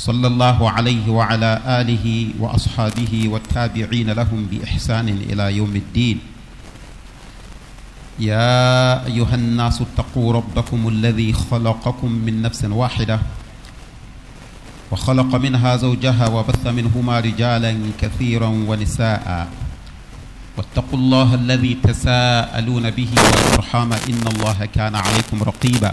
صلى الله عليه وعلى آله وأصحابه والتابعين لهم بإحسان إلى يوم الدين يا أيها الناس اتقوا ربكم الذي خلقكم من نفس واحدة وخلق منها زوجها وبث منهما رجالا كثيرا ونساء واتقوا الله الذي تساءلون به والأرحام إن الله كان عليكم رقيباً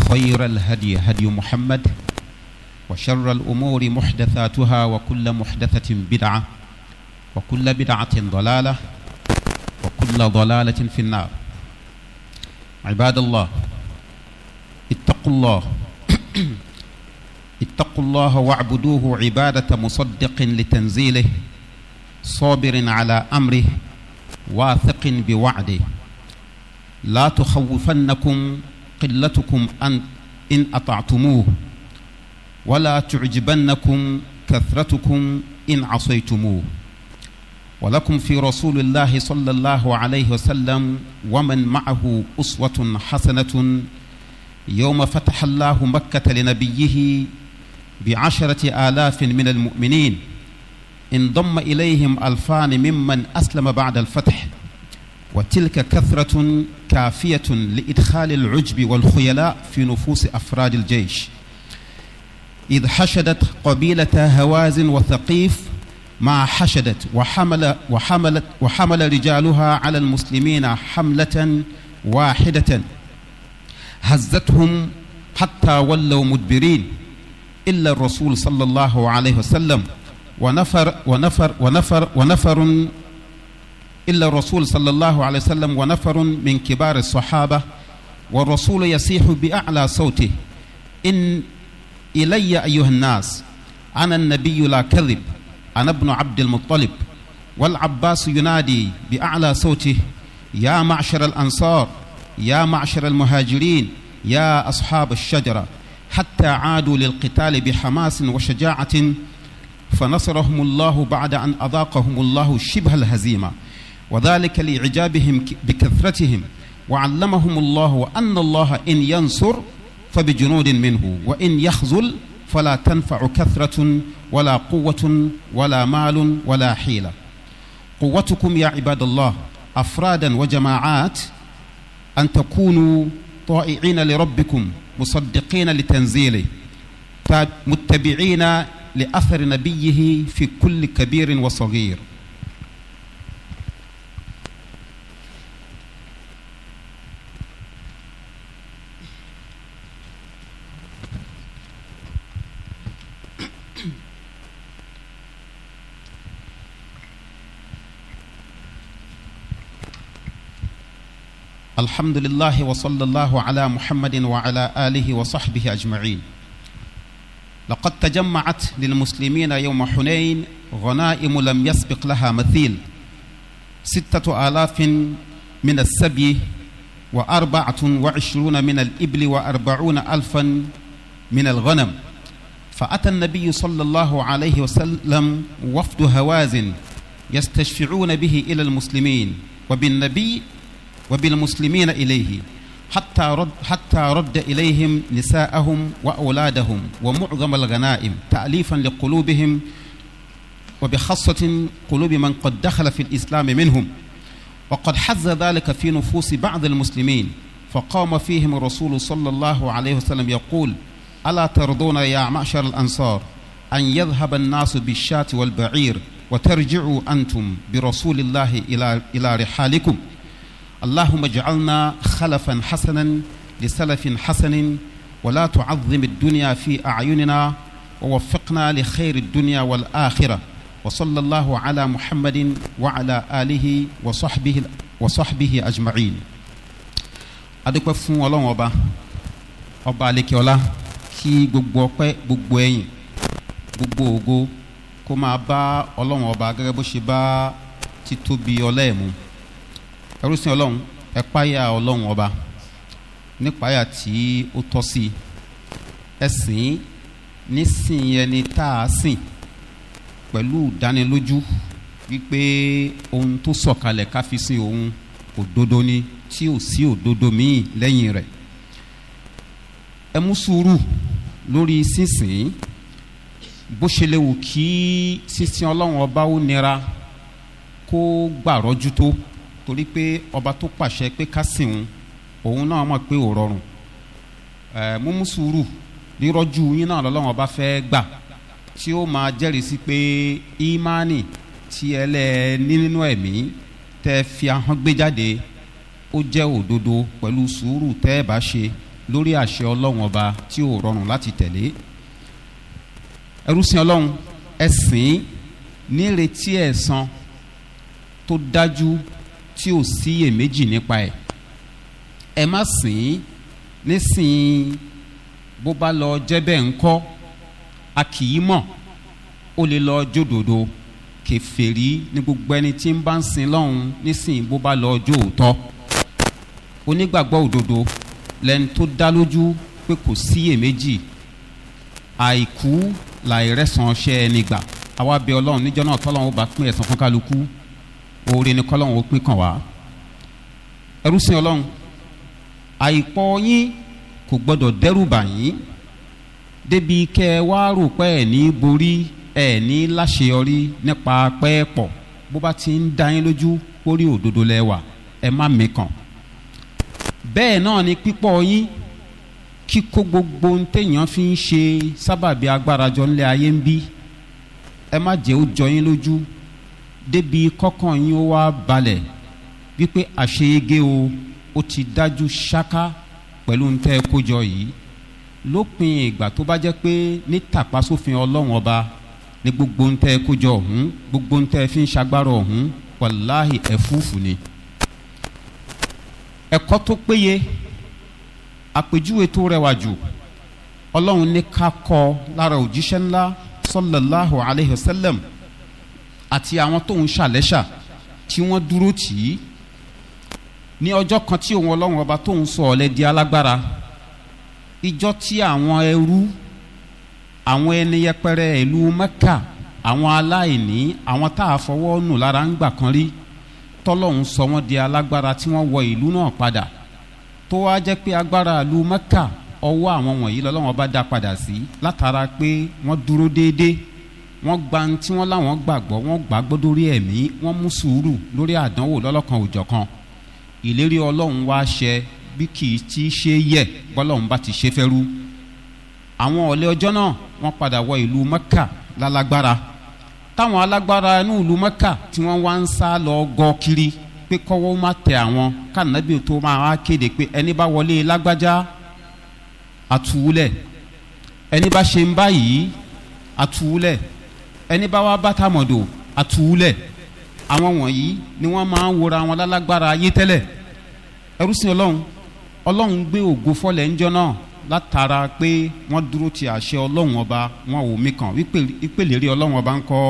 وخير الهدي هدي محمد وشر الأمور محدثاتها وكل محدثة بدعة وكل بدعة ضلالة وكل ضلالة في النار عباد الله اتقوا الله اتقوا الله واعبدوه عبادة مصدق لتنزيله صابر على أمره واثق بوعده لا تخوفنكم قلتكم أن إن أطعتموه ولا تعجبنكم كثرتكم إن عصيتموه ولكم في رسول الله صلى الله عليه وسلم ومن معه أسوة حسنة يوم فتح الله مكة لنبيه بعشرة آلاف من المؤمنين انضم إليهم ألفان ممن أسلم بعد الفتح وتلك كثرة كافية لإدخال العجب والخيلاء في نفوس أفراد الجيش إذ حشدت قبيلة هوازن وثقيف ما حشدت وحمل وحملت وحمل رجالها على المسلمين حملة واحدة هزتهم حتى ولوا مدبرين إلا الرسول صلى الله عليه وسلم ونفر ونفر ونفر ونفر, ونفر إلا الرسول صلى الله عليه وسلم ونفر من كبار الصحابة والرسول يصيح بأعلى صوته إن إلي أيها الناس أنا النبي لا كذب أنا ابن عبد المطلب والعباس ينادي بأعلى صوته يا معشر الأنصار يا معشر المهاجرين يا أصحاب الشجرة حتى عادوا للقتال بحماس وشجاعة فنصرهم الله بعد أن أذاقهم الله شبه الهزيمة وذلك لإعجابهم بكثرتهم وعلمهم الله أن الله إن ينصر فبجنود منه وإن يخذل فلا تنفع كثرة ولا قوة ولا مال ولا حيلة قوتكم يا عباد الله أفرادا وجماعات أن تكونوا طائعين لربكم مصدقين لتنزيله متبعين لأثر نبيه في كل كبير وصغير الحمد لله وصلى الله على محمد وعلى آله وصحبه أجمعين لقد تجمعت للمسلمين يوم حنين غنائم لم يسبق لها مثيل ستة آلاف من السبي وأربعة وعشرون من الإبل وأربعون ألفا من الغنم فأتى النبي صلى الله عليه وسلم وفد هوازن يستشفعون به إلى المسلمين وبالنبي وبالمسلمين إليه حتى رد, حتى رد إليهم نساءهم وأولادهم ومعظم الغنائم تأليفا لقلوبهم وبخاصة قلوب من قد دخل في الإسلام منهم وقد حز ذلك في نفوس بعض المسلمين فقام فيهم الرسول صلى الله عليه وسلم يقول ألا ترضون يا معشر الأنصار أن يذهب الناس بالشاة والبعير وترجعوا أنتم برسول الله إلى, إلى رحالكم اللهم اجعلنا خلفا حسنا لسلف حسن ولا تعظم الدنيا في أعيننا ووفقنا لخير الدنيا والآخرة وصلى الله على محمد وعلى آله وصحبه وصحبه أجمعين adúpẹ́ fún ọlọ́run وبا وبا لك kí كي ọpẹ́ gbogbo ẹ̀yìn gbogbo ògo kó máa bá ọlọ́run ọba gẹ́gẹ́ bó ṣe bá títóbi ẹrú sin ọlọ́run ẹ páyà ọlọ́run ọba nípáyà tí ó tọ́ sí ẹ sìn nísìn ẹni tá a sìn pẹ̀lú ìdánilójú wípé ohun tó sọ̀kalẹ̀ káfí sí ohun òdodo ni tí ò sí òdodo míì lẹ́yìn rẹ̀ ẹ mú sùúrù lórí sísìn bó ṣe léwu kí sísìn ọlọ́run ọba ó nira kó gbàrọ́jú tó torí pé ọba tó pàṣẹ pé ká sìn òun òun náà mọ̀ pé ò rọrùn múmú sùúrù rírọ́jú yín náà lọ́lọ́run ọba fẹ́ gbà tí ó máa jẹ́rìí sí pé ímánì tí ẹ lẹ́ ní nínú ẹ̀mí tẹ́ fi ahọ́n gbé jáde ó jẹ́ òdodo pẹ̀lú sùúrù tẹ́ ẹ bá ṣe lórí àṣẹ ọlọ́run ọba tí ò rọrùn láti tẹ̀lé ẹrú sin ọlọ́run ẹ sìn ní ìrètí ẹ̀san tó dájú tí ò síyèméjì nípa ẹ̀ ẹ má sìn ín nísìn bó bá lọ jẹ́ bẹ́ẹ̀ ń kọ́ a kì í mọ̀ ó lè lọ jódòdó kẹfẹ́rí ní gbogbo ẹni tí ń bá ń sin lọ́hùn nísìn bó bá lọ jó òótọ́ onígbàgbọ́ òdodo lẹ́ni tó dá lójú pé kò síyèméjì àìkú làìrẹ́sàn ṣẹ́ ẹni gbà àwa bẹ ọlọ́run níjọ́ náà tọ́lọ́run ó bá pín ẹ̀sán fún kálukú oore ni kọ́lọ́hún ó pín kàn wá ẹrú sin ọlọ́run àìpọ̀ yín kò gbọ́dọ̀ dẹ́rù bà yín débi kẹ́ ẹ wá rò pé ẹ̀ ní borí ẹ̀ ní láṣeyọrí nípa pẹ́ẹ́pọ̀ bó bá ti ń da yín lójú kórí òdodo lẹ́wà ẹ má mìkan bẹ́ẹ̀ náà ni pípọ̀ yín kíkó gbogbo ohun téèyàn fi ń ṣe sábàbí agbára jọ ńlẹ̀ ayé ń bí ẹ má jẹ́ ó jọ yín lójú débi kọ́kàn yín ó wá balẹ̀ wípé àṣeyege o ó ti dájú ṣáká pẹ̀lú ń tẹ́ kójọ yìí lópin ìgbà tó bá jẹ́ pé ní tàpá sófin ọlọ́run ọba ní gbogbo ń tẹ́ kójọ ọ̀hún gbogbo ń tẹ́ fi ń ṣagbára ọ̀hún wàláhì ẹ̀fúùfù ni. ẹ̀kọ́ tó péye àpèjúwe tó rẹwà jù ọlọ́run ní ká kọ́ lára òjíṣẹ́ ńlá sọ́lọ́láhùn aláìhẹ́sẹ́lẹ̀mù àti àwọn tóun ṣàlẹ́ṣà tí wọ́n dúró tì í ní ọjọ́ kan tí òun ọlọ́run ọba tóun sọ ọ̀lẹ́ di alágbára ìjọ tí àwọn ẹrú àwọn ẹni yẹpẹrẹ ìlú mẹ́kà àwọn aláìní àwọn tá a fọwọ́ nù lára ń gbà kan rí tọ́lọ́hún sọ wọ́n di alágbára tí wọ́n wọ ìlú náà padà tó wá jẹ́ pé agbára ìlú mẹ́kà ọwọ́ àwọn wọ̀nyí lọ́lọ́wọ́n bá dá padà sí látara pé wọ́n dúró déédéé wọ́n gba ohun tí wọ́n láwọn gbàgbọ́ wọ́n gbàgbọ́ lórí ẹ̀mí wọ́n mú sùúrù lórí àdánwò lọ́lọ́kan òjọ̀kan ìlérí ọlọ́run wá ṣẹ bí kì í ti ṣe yẹ bọ́lọ́run bá ti ṣe fẹ́rú àwọn ọ̀lẹ́ ọjọ́ náà wọ́n padà wọ ìlú mẹ́kà lálágbára táwọn alágbára inú ìlú mẹ́kà tí wọ́n wá ń sá lọ gọ kiri pé kọ́wọ́ má tẹ àwọn kànábì tó máa kéde pé ẹni bá wọlé lágbájá àtúwúlẹ̀ ẹni bá ṣe ń báyìí àtúwúlẹ̀ ẹni bá wá bàtà mọ̀dò àtúwúlẹ̀ àwọn wọ̀nyí ni wọ́n máa ń wora wọn lálágbára ayé tẹ́lẹ̀ ẹrú sí ọlọ́run ọlọ́run gbé ògo fọlẹ̀ ńjọ náà látara pé wọ́n dúró ti àṣẹ ọlọ́run ọba wọn ò mí kàn wípèlè rí ọlọ́run ọba ń kọ́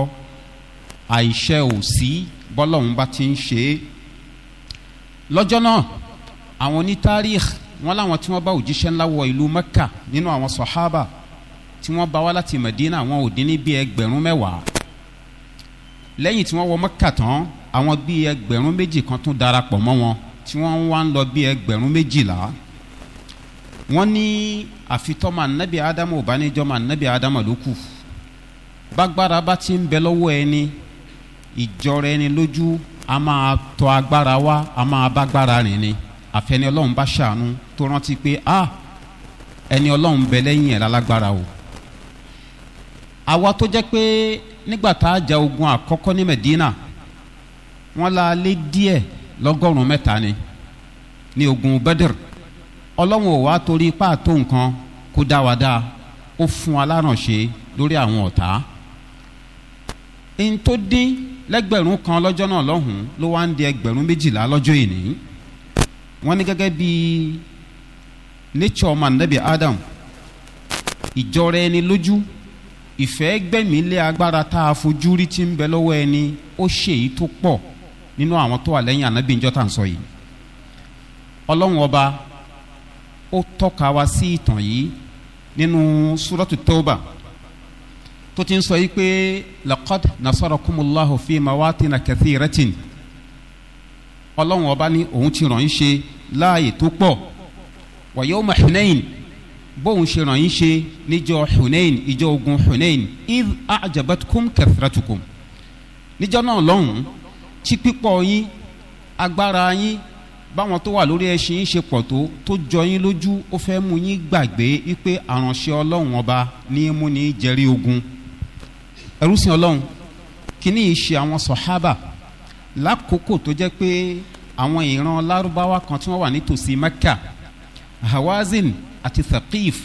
àìṣe ò sí bọ́lọ́run bá ti ń ṣe é lọ́jọ́ náà àwọn onítàrí wọn láwọn tí wọ́n bá òjíṣẹ́ ńlá wọ ìlú mẹ́kà nínú àwọn sọ̀hábà tí wọ́n bá wá láti mẹ̀dínà àwọn ò dín ní bíi ẹgbẹ̀rún mẹ́wàá lẹ́yìn tí wọ́n wọ mọ́kà tán àwọn bíi ẹgbẹ̀rún méjì kan tún darapọ̀ mọ́ wọn tí wọ́n ń wá ń lọ bíi ẹgbẹ̀rún méjìlá wọ́n ní àfitọ́mà nẹ́bí ádámù ò bá níjọ́mà nẹ́bí ádámù ló kù bá ti ń bẹ lọ́wọ́ ẹni ìjọra ẹni lójú a máa tọ agbára wá a máa bágbára rìn ni àfẹni ọlọ́run bá ṣàánú tó rántí pé a ah, ẹni ọlọ́run bẹ lẹ́yìn ẹ̀ lálágbára o àwa tó jẹ́ pé nígbà tá a ja ogun àkọ́kọ́ ní medina wọ́n la lé díẹ̀ lọ́gọ́rùn-ún mẹ́ta ni ní ogun bedr ọlọ́run ò wá torí ipá tó nǹkan kó dá wa dá ó fún alárànṣe lórí àwọn ọ̀tá n tó dín lẹ́gbẹ̀rún kan lọ́jọ́ náà lọ́hùn-ún ló wá ń di ẹgbẹ̀rún méjìlá lọ́jọ́ ìní wọ́n ní gẹ́gẹ́ bíi nature ọmọ anabi adam ìjọra ẹni lójú ìfẹ́ gbẹ̀mílẹ̀ agbára tá a fojú rí ti ń bẹ lọ́wọ́ ẹni ó ṣe èyí tó pọ̀ nínú àwọn tó wà lẹ́yìn ànábì ìjọ tá à ń sọ yìí ọlọ́run ọba ó tọ́ka wa sí ìtàn yìí nínú súrọ́tù tóbà tó ti ń sọ yìí pé lakod nasara kumulahu fi ma wá tina kẹtí rẹtin ọlọ́run ọba ní òun ti ràn yín ṣe láàyè tó pọ̀ wàyó mahinein bóun ṣe ràn yín ṣe níjọ hunain ìjọ ogun hunain if ajabatkum kathratukum níjọ náà lọ́hùn tí pípọ̀ yín agbára yín báwọn tó wà lórí ẹṣin yín ṣe pọ̀ tó tó jọ yín lójú ó fẹ́ mú yín gbàgbé wípé àránṣẹ́ ọlọ́run ọba ní mú ní jẹ́rí ogun ẹrúsìn ọlọ́run kíní yìí ṣe àwọn sọ̀hábà lákòókò tó jẹ́ pé àwọn ìran lárúbáwá kan tí wọ́n wà nítòsí mẹ́kà hawazin àti thaqif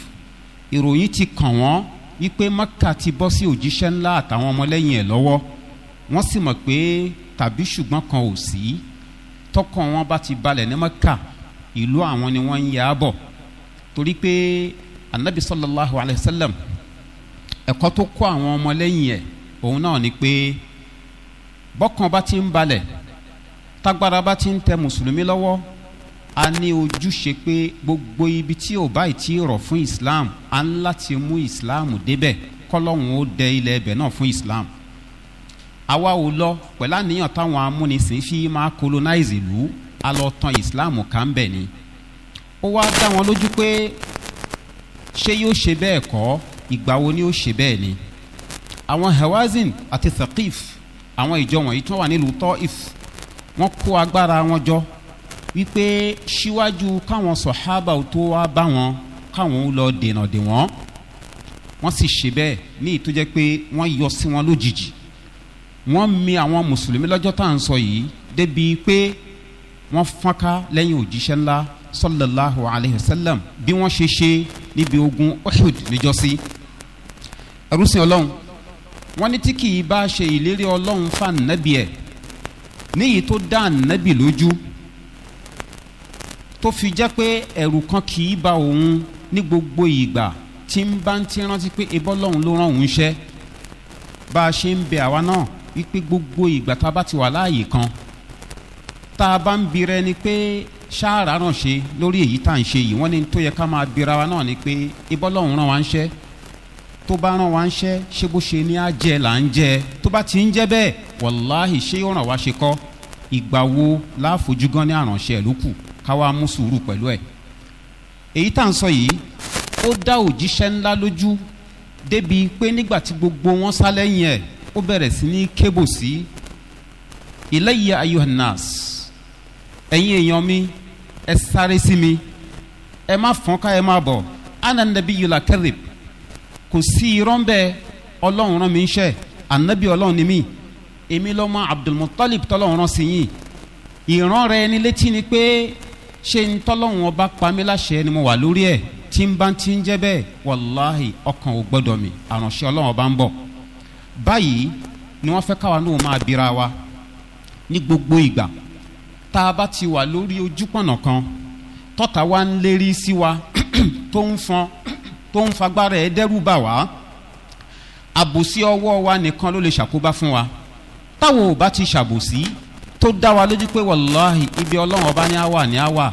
ìròyìn ti kàn wọ́n wípé maka ti bọ́ sí òjíṣẹ́ ńlá àtàwọn ọmọlẹ́yìn ẹ̀ lọ́wọ́ wọ́n sì mọ̀ pé tàbí ṣùgbọ́n kan ò sí tọkàn wọn bá ti balẹ̀ ní maka ìlú àwọn ni wọ́n ń yà á bọ̀ torí pé anabi sallallahu alayhi wa sallam ẹ̀kọ́ tó kọ́ àwọn ọmọlẹ́yìn ẹ̀ òun náà ni pé bọ́kàn bá ti ń balẹ̀ tágbára bá ti ń tẹ mùsùlùmí lọ́wọ́ a ní ojúṣe pé gbogbo ibi tí ò báyìí tí rọ̀ fún islam a ń láti mú islam débẹ̀ kọ́lọ́hún ó dẹ ilẹ̀ ẹbẹ̀ náà fún islam àwa ò lọ pẹ̀lú àníyàn táwọn amúnisìn fi máa colonize ìlú a lọ tan islam ká ń bẹ̀ ni ó wá dá wọn lójú pé ṣé yóò ṣe bẹ́ẹ̀ kọ́ ìgbà wo ni ó ṣe bẹ́ẹ̀ ni àwọn hawazin àti thaqif àwọn ìjọ wọ̀nyí tó wà nílùú tọ́ if wọ́n kó agbára wọn jọ wípé síwájú káwọn sọ̀hábà tó wá bá wọn káwọn ó lọ dènà dè wọ́n wọ́n sì ṣe bẹ́ẹ̀ ní ìtújẹ́ pé wọ́n yọ sí wọn lójijì wọ́n mi àwọn mùsùlùmí lọ́jọ́ tá à ń sọ yìí débi pé wọ́n fọ́nká lẹ́yìn òjíṣẹ́ ńlá sọlọ́láhu alayhi sallam bí wọ́n ṣe ṣe níbi ogun ọ̀ṣùd níjọ́sí ẹrúsìn ọlọ́run wọ́n ní tí kì í bá ṣe ìlérí ọlọ́run fáànù nábì níyì tó dá ànábì lójú tó fi jẹ́ pé ẹ̀rù kan kì í ba òun ní gbogbo ìgbà tí ń bá ń ti rántí pé ebọ́ lọ́hùn ló rán òun ṣẹ́ bá a ṣe ń bẹ àwa náà wípé gbogbo ìgbà tá a bá ti wà láàyè kan tá a bá ń bira ẹni pé ṣáàrà ràn ṣe lórí èyí tá à ń ṣe yìí wọ́n ní tó yẹ ká máa bira wa náà ni pé ebọ́ lọ́hùn rán wa ń ṣẹ́ tó bá ràn wá ń ṣẹ́ ṣé bó ṣe ní á jẹ là ń jẹ tó bá ti ń jẹ́ bẹ́ẹ̀ wàláhì ṣé ó ràn wá ṣe kọ́ ìgbà wo láàfojú ní àrànṣe ẹ̀ kù ká wá mú sùúrù pẹ̀lú ẹ̀ èyí tá à ń sọ yìí ó dá òjíṣẹ́ ńlá lójú débi pé nígbà tí gbogbo wọn sá lẹ́yìn ẹ̀ ó bẹ̀rẹ̀ sí ní kébù sí iléyà ayohanas ẹ̀yin èèyàn mi ẹ sáré sí mi ẹ má fọ́n ká ẹ má bọ̀ ananabi yola kẹ́rìb kò sí irọ́ ń bẹ́ẹ̀ ọlọ́run rán mi ń ṣẹ́ anabi ọlọ́run ni mí èmi lọ́mọ abdulmutalib tọ́lọ́run rán sí yín ìran rẹ ní létí ni pé ṣé ń tọ́lọ́hún ọba pamíláṣẹ ni mo wà lórí ẹ̀ tí ń bá ti ń jẹ́ bẹ́ẹ̀ wàláhì ọkàn ò gbọ́dọ̀ mi àránṣẹ́ ọlọ́run ọba ń bọ̀ báyìí ni wọ́n fẹ́ káwa náà máa bira wa ní gbogbo ìgbà tá a bá ti wà lórí ojúpọ̀nà kan tọ́ta wa ń lérí sí wa tó ń fọn tó ń fagbára ẹ̀ dẹ́rù bà wá àbòsí ọwọ́ wa nìkan ló lè ṣàkóbá fún wa táwọn ò bá ti ṣàbòsí tó dá wa lójú pé wàláhì ibi ọlọ́run ọba ní àwà ní àwà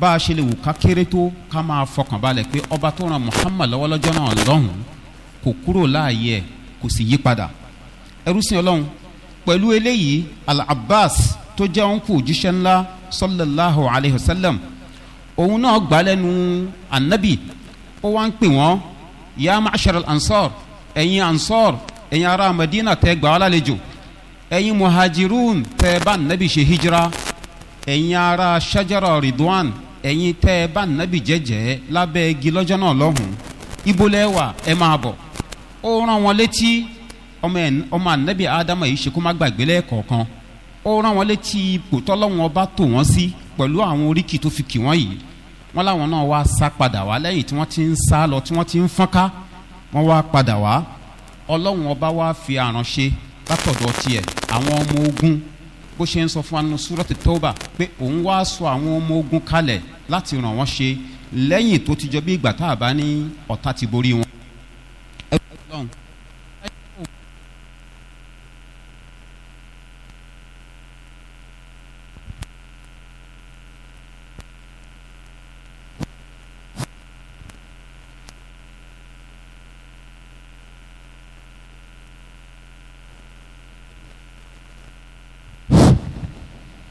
bá a ṣe lè wù ká kéré tó ká máa fọkàn balẹ̀ pé ọba tó ran muhammad lọ́wọ́ lọ́jọ́ náà lọ́hùn kò kúrò láàyè ẹ̀ kò sì yí padà ẹrú sin ọlọ́run pẹ̀lú eléyìí al-abbas tó jẹ́ òun kù òjíṣẹ́ ńlá sallallahu alayhi wa sallam òun náà gbà lẹ́nu anabi ó wá ń pè wọ́n yá ma'ashar ansar ẹ̀yin ansar ẹ̀yin ará madina tẹ́ gbà wá lálejò ẹ̀yin muhajirun tẹ́ ẹ bá nàbì ṣe hijira ẹ̀yin ara ṣájára ridwan ẹ̀yin tẹ́ ẹ bá nàbì jẹ́jẹ́ lábẹ́ igi lọ́jọ́ náà lọ́hùn ibolẹ̀ wà ẹ máa bọ̀ ó rán wọn létí ọmọ ànábì ádámà yìí ṣe kó má gbàgbé lẹ́ẹ̀kọ̀ọ̀kan ó rán wọn létí ipò tọ́lọ́wọ́n ọba tò wọ́n sí pẹ̀lú àwọn oríkì tó fi kì wọ́n yìí wọ́n láwọn náà wá sá padà wá lẹ́yìn tí wọ́n ti ń sá lọ tí wọ́n ti ń fọ́nká wọ́n wá padà wá ọlọ́run ọba wá fi àránṣe látọ̀dọ̀ tiẹ̀ àwọn ọmọ ogun bó ṣe ń sọ fún anu súrọ́tì tóbà pé òun wá sọ àwọn ọmọ ogun kalẹ̀ láti ràn wọ́n ṣe lẹ́yìn tó ti jọ bí ìgbà tá a bá ní ọ̀tá ti borí wọn. ẹ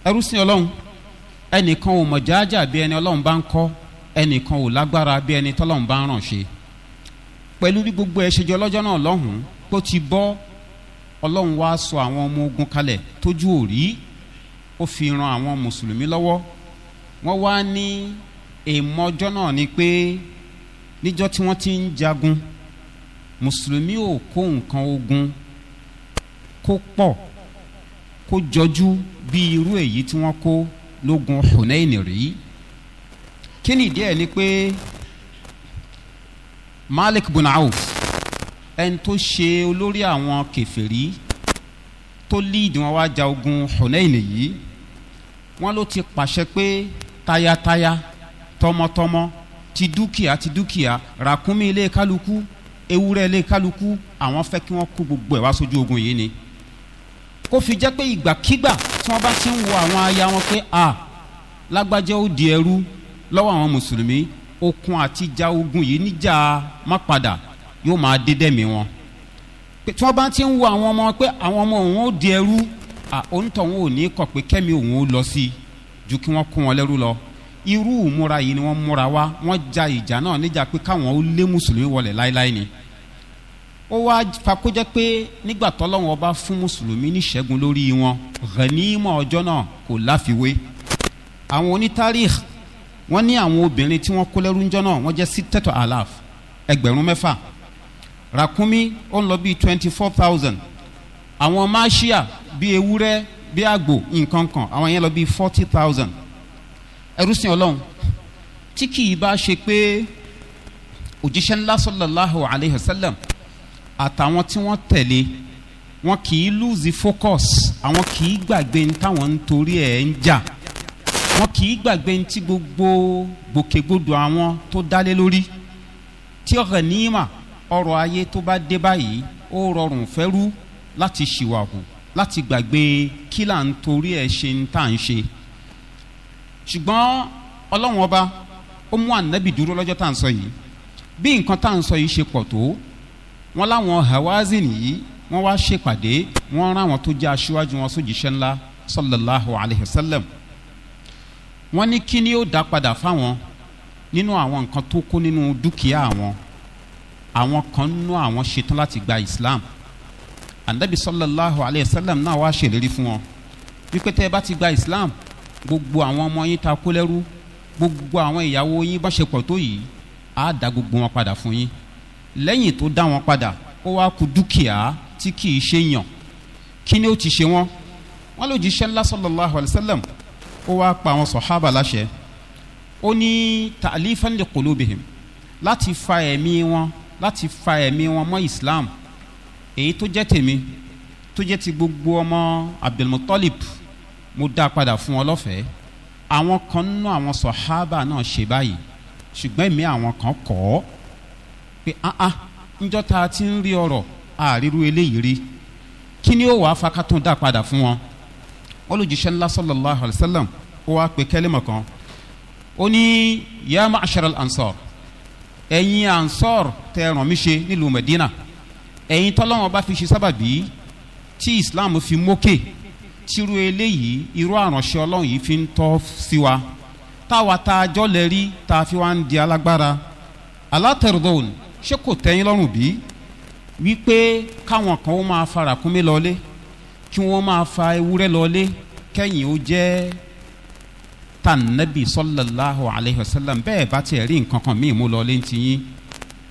ẹrú sí ọlọ́run ẹnìkan ò mọ̀ jáájà bí ẹni ọlọ́run bá ń kọ́ ẹnìkan ò lágbára bí ẹni tọ́lọ́run bá ń ràn ṣe pẹ̀lú bí gbogbo ẹ ṣe jọ lọ́jọ́ náà lọ́hùn tó ti bọ́ ọlọ́run wá sọ àwọn ọmọ ogun kalẹ̀ tójú òrí ó fi ran àwọn mùsùlùmí lọ́wọ́ wọ́n wá ní èèmọ̀ náà ni pé níjọ́ tí wọ́n ti ń jagun mùsùlùmí ò kó nǹkan ogun kó pọ̀ kó jọjú bí irú èyí tí wọ́n kó lógun hunaini rí kí ni ìdí ẹ̀ ni pé malik bunauf ẹni tó ṣe olórí àwọn kẹfẹ́rí tó líìdì wọn wá ja ogun hunaini yìí wọn ló ti pàṣẹ pé tayataya tọmọtọmọ ti dúkìá ti dúkìá ràkúnmí ilé kálukú ewúrẹ́ ilé kálukú àwọn fẹ́ kí wọ́n kó gbogbo ẹ̀ wá sójú ogun yìí ni kó fi jẹ́ pé ìgbàkigbà tí wọ́n bá ti ń wo àwọn aya wọn pé a lágbájá ó di ẹrú lọ́wọ́ àwọn mùsùlùmí okun àti ìjà ogun yìí níjà má padà yóò máa dé dẹ́mi wọn tí wọ́n bá ti ń wo àwọn ọmọ pé àwọn ọmọ òun ó di ẹrú à òǹtọ̀hún ò ní kọ̀ pé kẹ́mi òun ó lọ sí ju kí wọ́n kún wọn lẹ́rú lọ irú ìmúra yìí ni wọ́n múra wá wọ́n ja ìjà náà níjà pé káwọn ó lé mùsùlùmí wọlé láéláé ni ó wá fakójẹ́ pé nígbà tọ́lọ́wọ́n ọba fún mùsùlùmí níṣẹ́gun lórí wọn ghanimọ̀ ọjọ́ náà kò láfiwé àwọn onítàríx wọ́n ní àwọn obìnrin tí wọ́n kó lẹ́rú ńjọ́ náà wọ́n jẹ́ sítẹ́tọ̀ alaf ẹgbẹ̀rún mẹ́fà ràkúnmí ó ń lọ bíi twenty four thousand àwọn máṣíà bíi ewúrẹ́ bíi àgbò nǹkan kan àwọn yẹn lọ bíi forty thousand ẹrú sìn ọlọ́run tí kì í bá ṣe pé òjíṣẹ́ ńlá sọ́lá aláhùn aláhùn sálẹ̀mù àtàwọn tí wọ́n tẹ̀lé wọn kì í lose focus àwọn kì í gbàgbé ní táwọn ń torí ẹ̀ ń jà wọn kì í gbàgbé ní tí gbogbo gbòkègbodò àwọn tó dálé lórí tí ọ̀rẹ́ níyìmà ọrọ̀ ayé tó bá dé báyìí ó rọrùn fẹ́rú láti ṣìwàhù láti gbàgbé kí là ń torí ẹ̀ ṣe ń tà ń ṣe ṣùgbọ́n ọlọ́run ọba ó mú ànábì dúró lọ́jọ́ tá à ń sọ yìí bí nǹkan tá à ń sọ yìí ṣe pọ̀ tó wọ́n láwọn hawazin yìí wọ́n wá ṣèpàdé wọ́n rán àwọn tó jẹ́ aṣíwájú wọn sójíṣẹ́ ńlá sallallahu alayhi wa sallam wọ́n ní kí ni ó dá padà fáwọn nínú àwọn nǹkan tó kó nínú dúkìá àwọn àwọn kan nínú àwọn ṣetán láti gba islam andabi sallallahu alayhi wa sallam náà wá ṣèlérí fún wọn wípé tẹ́ ẹ bá ti gba islam gbogbo àwọn ọmọ yín ta kó lẹ́rú gbogbo àwọn ìyàwó yín bá ṣe pọ̀ tó yìí á dá gbogbo wọn padà fún yín lẹ́yìn tó dá wọn padà ó wá ku dúkìá tí kì í ṣe yàn kí ni ó ti ṣe wọn wọn ló jíṣẹ́ ńlá sallallahu alayhi wa sallam ó wá pa àwọn sọ̀hábà láṣẹ ó ní ta'alifan li qulubihim láti fa ẹ̀mí wọn láti fa ẹ̀mí wọn mọ́ islam èyí tó jẹ́ tèmi tó jẹ́ ti gbogbo ọmọ abdulmutalib mo dá padà fún ọ lọ́fẹ̀ẹ́ àwọn kan nínú àwọn sọ̀hábà náà ṣe báyìí ṣùgbọ́n èmi àwọn kan kọ́ ọ́ pé áá ah, níjọ́ ah, tá a ti ń rí ọ̀rọ̀ àríru eléyìí rí kí ni ó wàá fa ká tún dá padà fún wọn olùjíṣẹ́ ńlá sallallahu alayhi wa sallam ó wàá pe kẹ́lẹ́mọ̀ kan ó ní ya ma'ashara al ẹ̀yin ansor tẹ ràn mí ṣe nílùú medina ẹ̀yin tọ́lọ́wọ́n bá fi ṣe sábàbí tí islam fi mókè tírú eléyìí irú àránṣẹ́ ọlọ́run yìí fi ń tọ́ sí wa táwa tá a jọ́ lẹ́rí fi wá ń di alágbára alátẹ̀rọ̀dọ́n ṣé kò tẹ́yìn lọ́rùn bí wípé káwọn kan ó máa fa ràkúnmí lọlé kí wọ́n máa fa ewúrẹ́ lọlé kẹ́yìn ó jẹ́ tànàbì sọlọ́láhùn àlehùsálàm bẹ́ẹ̀ bá tiẹ̀ rí nǹkan kan míì mú lọlé ti yín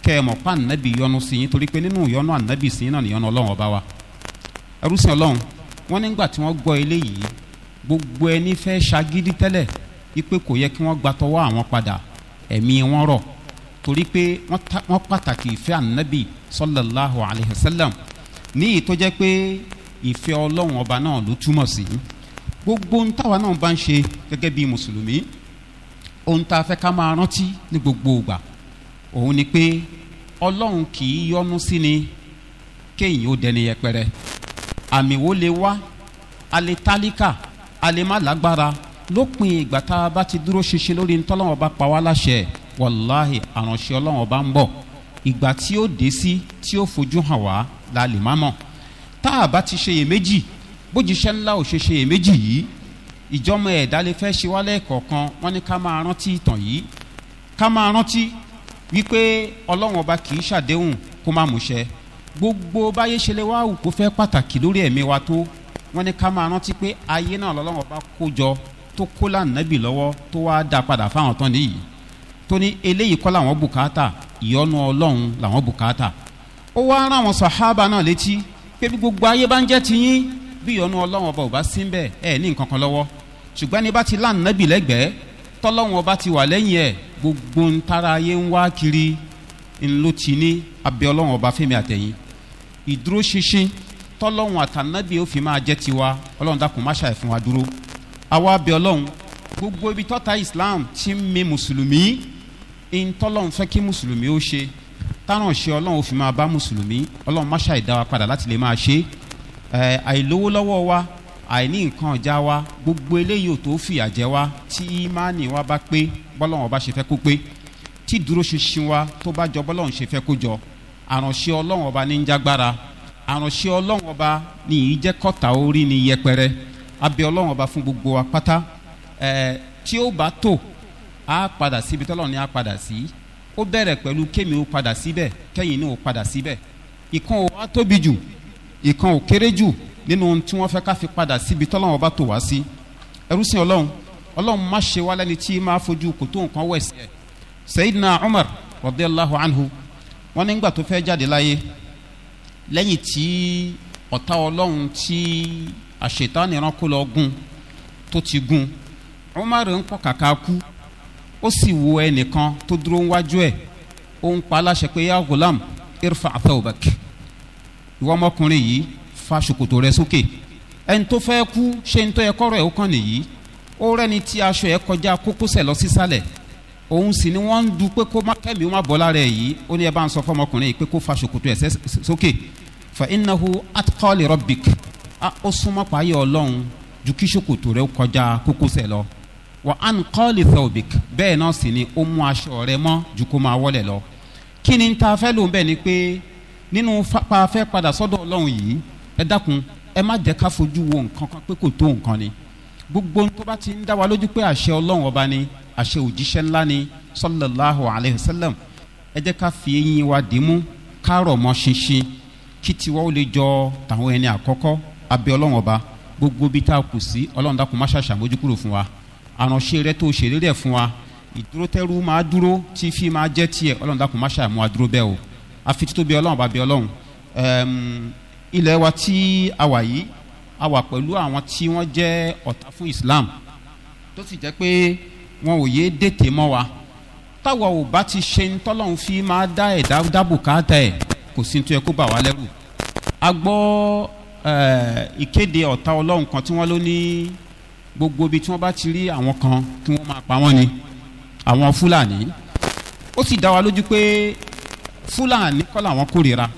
kẹ́ ẹ mọ̀ pa ànàbì yọnu sí yín torí pé nínú yọnu ànàbì sí yín náà nìyọnu ọlọ́run ọba wa ẹrú sí ọlọ́run wọ́n nígbà tí wọ́n gbọ́ eléyìí gbogbo ẹni fẹ́ ṣagídí tẹ́lẹ̀ wípé kò yẹ kí wọ́n gbatọ́wọ́ àwọn padà ẹ̀mí wọn rọ̀ torí pé wọ́n pàtàkì ìfẹ́ ànábì sọlọ́láhu alayhi sallam ní ìtọ́jẹ́ pé ìfẹ́ ọlọ́run ọba náà ló túmọ̀ sí gbogbo ohun táwa náà bá ń ṣe gẹ́gẹ́ bí mùsùlùmí ohun tá a fẹ́ ká máa rántí ní gbogbo ìgbà òun ni pé ọlọ́run kì í yọnu sí ni kéèyàn ó dẹni yẹpẹrẹ àmì wo lè wá a lè tálíkà a lè má lágbára lópin ìgbà tá a bá ti dúró ṣinṣin lórí ntọ́lọ́wọ́n bá pa wá láṣẹ ẹ̀ wàláhì àránṣẹ́ ọlọ́run ọba ń bọ̀ ìgbà tí ó dé sí tí ó fojú hàn wá la lè má mọ̀ tá a bá ti ṣe iyèméjì bójúṣẹ́ ńlá ò ṣe ṣe iyèméjì yìí ìjọmọ ẹ̀dá lè fẹ́ ṣe wálẹ̀ kọ̀ọ̀kan wọ́n ní ká máa rántí ìtàn yìí ká máa rántí wípé ọlọ́run ọba kì í ṣàdéhùn kó má múṣẹ gbogbo báyé ṣe lè wá wù fẹ́ pàtàkì lórí ẹ̀mí wa tó wọ́n ní ká máa rántí pé ayé náà lọ́lọ́run ọba kó jọ tó kó lànàbì lọ́wọ́ tó wá dá padà fáwọn tán nìyí tó ní eléyìí kọ́ làwọn bùkátà ìyọnu ọlọ́run làwọn bùkátà ó wá rán àwọn sọ̀hábà náà létí pé bí gbogbo ayé bá ń jẹ́ tiyín bí ìyọnu ọlọ́run ọba ò bá sí bẹ́ẹ̀ ẹ̀ ní nǹkan kan lọ́wọ́ ṣùgbọ́n ní bá ti láǹ nábì lẹ́gbẹ̀ẹ́ tọ́lọ́run ọba ti wà lẹ́yìn ẹ̀ gbogbo ń tara ayé ń wá kiri ńlọ ti ní abẹ́ ọlọ́run ọba fẹ́mi àtẹ̀yìn ìdúróṣinṣin tọ́lọ́run àtànábì ó fi máa jẹ́ tiwa ọlọ́run dákun má ṣàìfún wa dúró àwa abẹ́ ọlọ́run gbogbo ibi tọ́ta islam ti ń mi mùsùlùmí ntọ́lọ́n fẹ́ kí mùsùlùmí ó ṣe táwọn ṣe ọlọ́run ó fi máa bá mùsùlùmí ọlọ́run má ṣàì dá wa padà láti lè máa ṣe àìlówó lọ́wọ́ wa àìní nǹkan ọ̀já wa gbogbo eléyìí ò tó fìyà jẹ wa tí ìmánì wa bá pé bọ́lọ́run ọba ṣe fẹ́ kó pé tí dúró ṣinṣin wa tó bá jọ bọ́lọ́run ṣe fẹ́ kó jọ àránṣẹ́ ọlọ́run ọba ní ń jágbára àránṣẹ́ ọlọ́run ọba ní ìyí jẹ́ kọ́ta orí ni yẹpẹrẹ abẹ́ ọlọ́run ọba fún gbogbo wa pátá tí ó bá tó a padà síbi tọ́lọ́ ni a padà sí ó bẹ̀rẹ̀ pẹ̀lú kémi ó padà síbẹ̀ kẹ́yìn ni ó padà síbẹ̀ ìkan ò wá tóbi jù ìkan ò kéré jù nínú ohun tí wọ́n fẹ́ ká fi padà síbi tọ́lọ́wọ́n bá tò wá sí ẹrú sin ọlọ́run ọlọ́run má ṣe wá lẹ́ni tí máa fojú kò nǹkan wẹ̀ sí ẹ̀ sayidina umar radiyallahu anhu wọn nígbà tó fẹ́ jáde láyé kàkà kú ó sì wo ẹnìkan tó dúró níwájú ẹ̀ ó ń pa aláṣẹ pé ya gulam irfa athawbak ìwọ ọmọkùnrin yìí fa ṣòkòtò rẹ sókè ẹni tó fẹ́ kú ṣe ń tọ́ ẹkọ́ rẹ̀ ó kàn nìyí ó rẹ́ni tí aṣọ ẹ̀ kọjá kókósẹ̀ lọ sísàlẹ̀ òun sì ni wọ́n ń du pé kó má kẹ́mi má bọ́ lára ẹ̀ yìí ó ní ẹ bá ń sọ fọmọkùnrin yìí pé kó fa ṣòkòtò ẹ̀ sókè fa innahu atkọ́lì rọ́bìk ó súnmọ́ pààyè ọlọ́run ju kí ṣòkòtò rẹ̀ kọjá kókósẹ̀ lọ wa á ń kọ́ọ̀lì thobik bẹ́ẹ̀ náà sì ni ó mú aṣọ rẹ mọ́ ju kó máa wọlé lọ kí ni ta fẹ́ lòun bẹ́ẹ̀ ni pé nínú pa fẹ́ padà sọ́dọ̀ ọlọ́run yìí ẹ dákun ẹ má jẹ́ ká fojú wo nǹkan kan pé kò tó nǹkan ni gbogbo tó bá ti ń dá wa lójú pé àṣẹ ọlọ́run ọba ni àṣẹ òjíṣẹ́ ńlá ni sọlọ́láhùn aleyhi sẹ́lẹ̀m ẹ jẹ́ ká fi eyín wa dì mú ká mọ́ ṣinṣin kí tiwa lè jọ tàwọn ẹni àkọ́kọ́ abẹ́ ọlọ́run ọba gbogbo bí tá a kù sí ọlọ́run dákun má ṣàṣàmójú kúrò fún wa àránṣe rẹ tó ṣe lérí ẹ̀ fún wa ìdúrótẹ́rú máa dúró tí fi máa jẹ́ tiẹ̀ ọlọ́run dákun má ṣàmú àdúró bẹ́ẹ̀ o àfi títóbi bàbí ọlọ́run ilẹ̀ wa tí a wà yìí a wà pẹ̀lú àwọn tí wọ́n jẹ́ ọ̀tá fún islam tó sì jẹ́ pé wọn ò yé dètè mọ́ wa táwa ò bá ti ṣe ń tọ́lọ́run fi máa dá ẹ̀ dábò káàtà ẹ̀ kò sí tó yẹ kó bà wá lẹ́rù a gbọ́ ìkéde ọ̀tá ọlọ́run kan tí wọ́n ló ní gbogbo ibi tí wọ́n bá ti rí àwọn kan kí wọ́n máa pa wọ́n ni àwọn fúlàní ó sì dá wa lójú pé fúlàní kọ́ làwọn kórìíra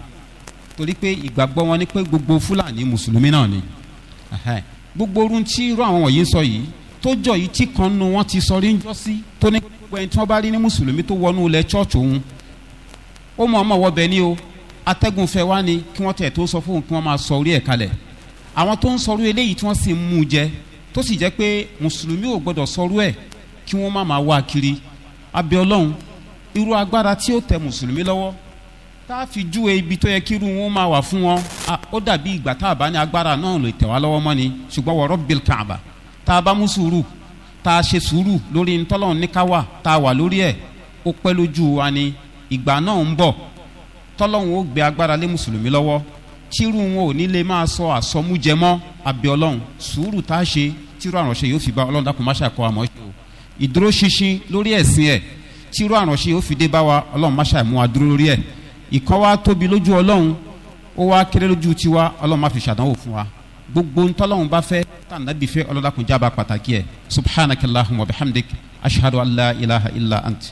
torí pé ìgbàgbọ́ wọn ni pé gbogbo fúlàní mùsùlùmí náà ni gbogbo orun tí irú àwọn wọ̀nyí sọ yìí tó jọ yìí tí kan nu wọn ti sọ rí ń jọ sí tó ní gbogbo ẹni tí wọ́n bá rí ní mùsùlùmí tó wọnú ilẹ̀ chọ́ọ̀chù òun ó mọ̀ ọmọ wọbẹ̀ ni o atẹ́gùn fẹ́ wá ni kí wọ́n tẹ̀ tó sọ fóun kí wọ́n máa sọ orí ẹ̀ kalẹ̀ àwọn tó ń sọ orí eléyìí tí wọ́n sì ń mú jẹ tó sì jẹ́ pé mùsùlùmí ò gbọ́dọ̀ sọrú ẹ̀ kí wọ́n má máa wá kiri abẹ́ ọlọ́run irú agbára tí ó tẹ mùsùlùmí lọ́wọ́ tá a fi júwe ibi tó yẹ kí irú wọn máa wà fún wọn ó dàbí ìgbà tá a bá ní agbára náà lè tẹ̀ wá lọ́wọ́ mọ́ ni ṣùgbọ́n wọ̀rọ̀ bíl kàbà tá a bá mú sùúrù tá a ṣe sùúrù lórí ntọ́lọ́run ní ká wà tá a wà lórí ẹ̀ ó pẹ́ lójú wa ni ìgbà náà ń bọ̀ tọ́lọ́run ó gbé agbára lé mùsùlùmí lọ́wọ́ tírú wọn ò ní lè máa sọ àsọmújẹmọ́ àbẹ̀ ọlọ́run sùúrù tá a ṣe tíró àránṣe yóò fi bá ọlọ́run dákun máṣe àkọ́ àmọ́ ṣe o ìdúró ṣinṣin lórí ẹ̀sìn ẹ̀ tíró àránṣe yóò fi dé bá wa ọlọ́run máṣe àmú wa dúró lórí ẹ̀ ìkan wa tóbi lójú ọlọ́run ó wá kéré lójú tiwa ọlọ́run má fi ṣàdánwò fún wa gbogbo ntọ́lọ́run bá fẹ́ tànàbí fẹ́ ọlọ́dàkùn jábà pàtàkì ẹ̀ subhanakilahum bihamdik ashadu allah ilaha illa ant